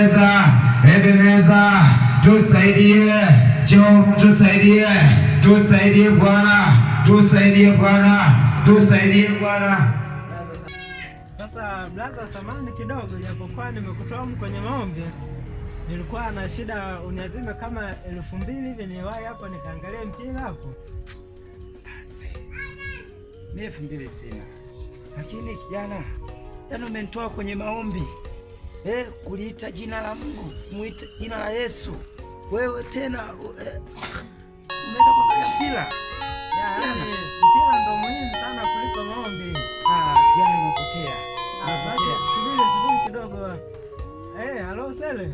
Ebeneza, Ebeneza, tusaidie, tusaidie, tusaidie Bwana, tusaidie Bwana, tusaidie Bwana. Sasa blaza, samani kidogo, japokuwa nimekutoa kwenye maombi, nilikuwa na shida uniazime kama elfu mbili hivi. Niwahi hapo nikaangalia mpira hapo, mi elfu mbili sina, lakini kijana, yaani umenitoa kwenye maombi eh, kuliita jina la Mungu, muite jina la Yesu. Wewe tena eh, umeenda kwa ndo muhimu sana kuliko Halo ah, ah, eh, Sele,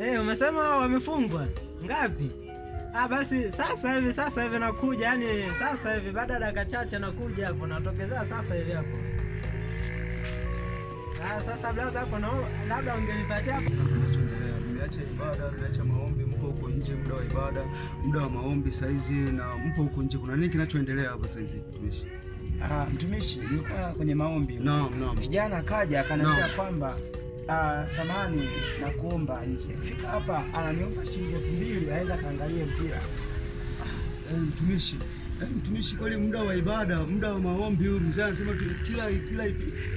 eh, umesema wamefungwa ngapi? Ah, basi sasa hivi, sasa hivi nakuja, yani sasa hivi baada ya dakika chache nakuja hapo, natokezea sasa hivi hapo. Ah, sasa blaza, hapo labda ungenipatia mliache ibada, mliache maombi, mpo huko nje muda wa ibada, muda wa maombi saizi, na mpo huko nje, kuna nini kinachoendelea hapa saizi mtumishi? Ah, mtumishi, nilikuwa kwenye maombi. Naam, naam. Kijana akaja akaniambia kwamba Uh, ah, samani na kuomba nje, fika hapa, ananiomba shilingi elfu mbili aenda kaangalie mpira. Eh, mtumishi, mtumishi kweli, muda wa ibada, muda wa maombi. Huyu mzee anasema kila kila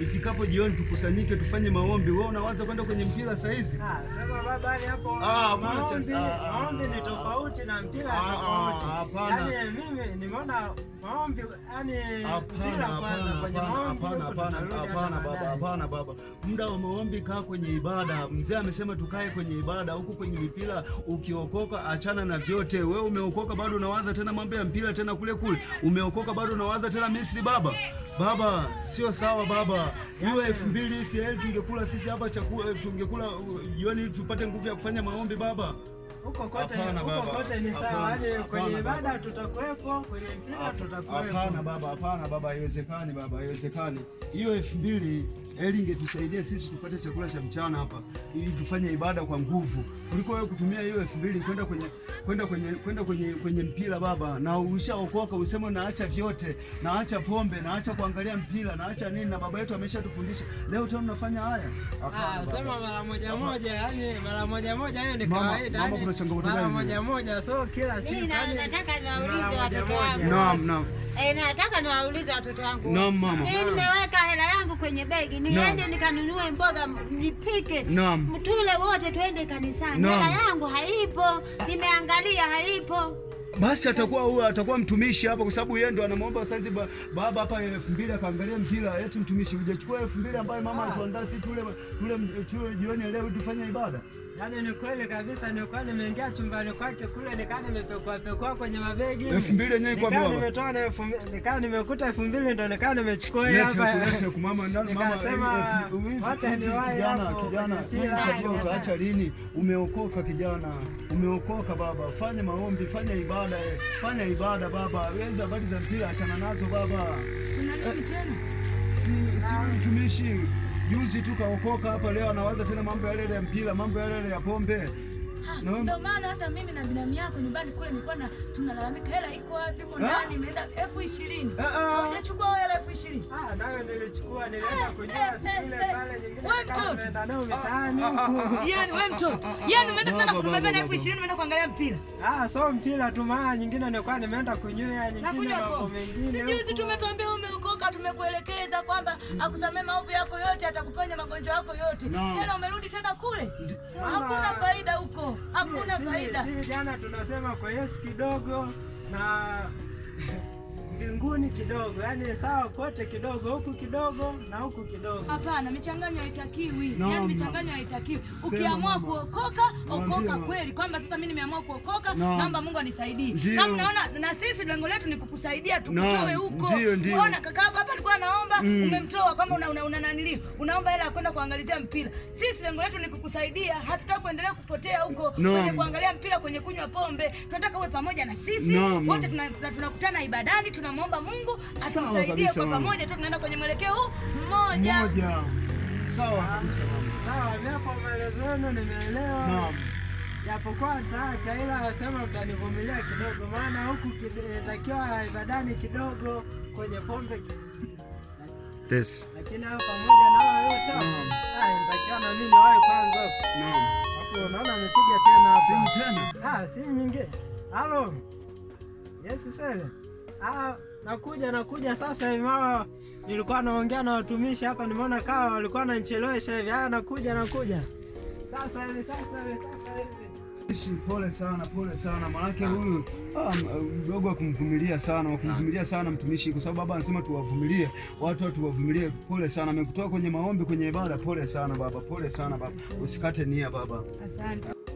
ifikapo jioni tukusanyike tufanye maombi. Wewe unawaza kwenda kwenye mpira saa hizi? Ah, sema baba, yani hapo ah, ah, maombi ni tofauti na mpira tofauti. Hapana, Yaani mimi nimeona maombi yani, hapana, hapana, hapana hapana, baba, hapana baba, muda wa maombi kaa kwenye ibada. Mzee amesema tukae kwenye ibada, huku kwenye mpira. ukiokoka, achana na vyote. Wewe umeokoka bado unawaza tena mambo ya mpira tena kule kule, umeokoka bado unawaza tena Misri. Baba, baba, sio sawa baba. Hiyo elfu mbili CL tungekula sisi hapa chakula, tungekula uh, jioni tupate nguvu ya kufanya maombi baba. Huko kote, huko kote ni sawa. Yaani kwenye ibada tutakuwepo, kwenye mpira tutakuwepo. Hapana baba, hapana baba, haiwezekani baba, haiwezekani. Hiyo elfu mbili Heri ingetusaidia sisi tupate chakula cha mchana hapa ili tufanye ibada kwa nguvu, kuliko wewe kutumia hiyo elfu mbili kwenda kwenye kwenda kwenye kwenda kwenye kwenye mpira baba, na ushaokoka useme naacha vyote, naacha pombe, naacha kuangalia mpira, naacha nini, na baba yetu ameshatufundisha. Leo tena unafanya haya? Ah, sema mara moja moja, yani mara moja moja, hiyo ni kawaida. Mama, yaani kuna changamoto gani? Mara moja moja, so kila siku. Mimi yaani nataka niwaulize watoto wangu. Naam, naam. Eh, nataka niwaulize watoto wangu. Naam, mama. Mimi nimeweka hela yangu kwenye begi niende nikanunue mboga nipike mtule wote twende kanisani no. yangu haipo, nimeangalia haipo basi atakuwa huyo atakuwa mtumishi hapa, kwa sababu yeye ndo anamwomba saizi ba, baba hapa elfu mbili akaangalia mpira, eti mtumishi hujachukua elfu mbili ambayo mama alituandaa sisi tule tule jioni leo tufanye ibada. Yaani ni kweli kabisa, nilikuwa nimeingia chumbani kwake kule, nikaa nimepekua pekua kwenye mabegi elfu mbili yenyewe kwa baba, nimetoa na elfu mbili nikaa nimekuta elfu mbili ndo nikaa nimechukua hapa. Nikasema wacha niwahi hapo. Kijana, kijana utaacha lini? Umeokoka kijana, umeokoka baba, fanya maombi, fanya ibada, eh. fanya ibada baba. Weza habari za mpira achana nazo baba, tuna tena? Si si mtumishi Juzi tu kaokoka hapa, leo anawaza tena mambo yale ya mpira, mambo yale ya pombe. Ah, ndio Maana hata mimi na binamu yako nyumbani kule nilikuwa na tunalalamika hela iko wapi ndani ah? imeenda elfu ishirini. Ah, Hujachukua wewe elfu ishirini? Ah, nayo nilichukua nilienda eh, kwenye eh, siku eh, pale nyingine. Wewe mtoto. Nao mtaani huko. Yaani wewe mtoto. Yaani umeenda tena kubeba na elfu ishirini umeenda kuangalia mpira. Ah, so mpira tu maana nyingine nilikuwa nimeenda kunyoa nyingine na kwa mengine. Sijuzi tumetuambia umeokoka, tumekuelekeza kwamba mm. akusamee maovu yako yote umeponya magonjwa yako yote no. Tena umerudi tena kule, hakuna faida huko, hakuna faida. Sisi jana tunasema kwa Yesu kidogo na mbinguni kidogo, yani sawa kote kidogo, huku kidogo na huku kidogo. Hapana, michanganyo haitakiwi no, yani michanganyo haitakiwi. Ukiamua kuokoka okoka kweli, kwamba sasa mimi nimeamua kuokoka no. Naomba Mungu anisaidie. Kama unaona na sisi lengo letu ni kukusaidia tukutoe huko no. Unaona kakaako hapa alikuwa anaomba mm. Umemtoa kama una, una, una nanili unaomba hela kwenda kuangalizia mpira. Sisi lengo letu ni kukusaidia, hatutaki kuendelea kupotea huko no. Kwenye kuangalia mpira, kwenye kunywa pombe, tunataka uwe pamoja na sisi wote no. Tunakutana tuna, tuna ibadani tuna tunamwomba Mungu atusaidie kwa pamoja tu, tunaenda kwenye mwelekeo mmoja mmoja. Sawa kabisa mama. Sawa, hapo maelezo yenu nimeelewa. Naam. Japokuwa nitaacha ila anasema mtanivumilia kidogo, maana huku inatakiwa ibadani kidogo kwenye pombe Yes. Lakini hapo pamoja na wao wote nitakiwa ah, na mimi wao kwanza. Naam. Hapo naona amepiga tena hapo. Simu tena? Ah, simu nyingine. Halo. Yes, sir ah, nakuja nakuja sasa hivi mama, nilikuwa naongea na watumishi hapa, nimeona kawa walikuwa nanichelewesha hivi. Ah, nakuja nakuja sasa hivi sasa hivi sasa hivi. Pole sana, pole sana manake huyu ah, mdogo akumvumilia sana, wakumvumilia sana mtumishi, kwa sababu baba anasema tuwavumilie watu watu wavumilie. Pole sana, amekutoa kwenye maombi, kwenye ibada. Pole sana baba, pole sana baba, usikate nia baba. Asante.